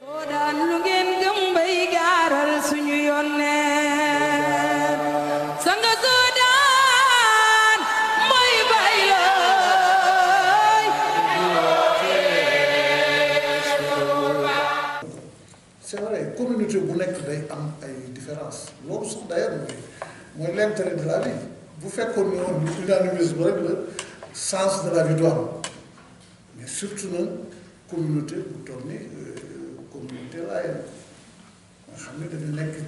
c'est vrai communauté bu nekk day am ay différence loolu sax d'ailleurs mooy mooy l'intérêt de la vie bu fekkoon ne woon unanimisme rek la sens de la victoire mais surtout nag communauté bu toll nii eh,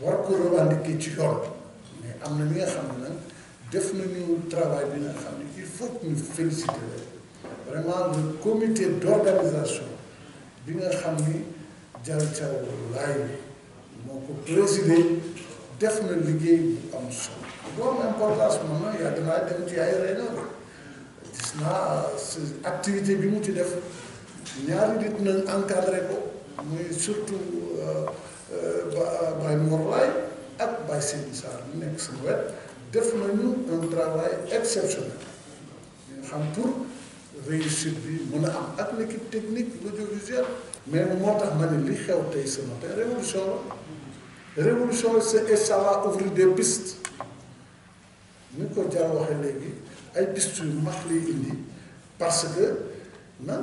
war ko revendiquer ci yoon mais am na ñi nga xam ne nag def nañu travail bi nga xam ne il faut que féliciter leen vraiment le comité d'organisation bi nga xam ni jalcaw laay moo ko présider def na liggéey bu am solo loolu importance moom nag yaa danaa dem ci ay réunion gis naa euh, activité bi mu ci def ñaari nit nañ encadré ko muy surtout euh, euh, Baye Mor Laye ak Baye Seydi Sarr mu nekk sama wet def nañu un travail exceptionnel nga xam pour réussite bi mën a am ak l'équipe technique l'audiovisuel mais moo tax ma ne li xew tey ce matin révolution la révolution la c'est et ça va ko jaar waxee léegi ay pistes yu mag lay indi parce que nan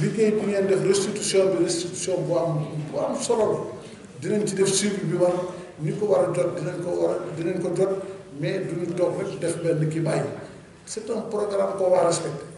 liggéey bi ngeen def restitution bi restitution bu am bu am solo la dinañ ci def suivi bi war ni ko war a jot dinañ ko war a dinañ ko jot mais duñu toog rek def benn kii bàyyi c'est un programme qu'on va respecter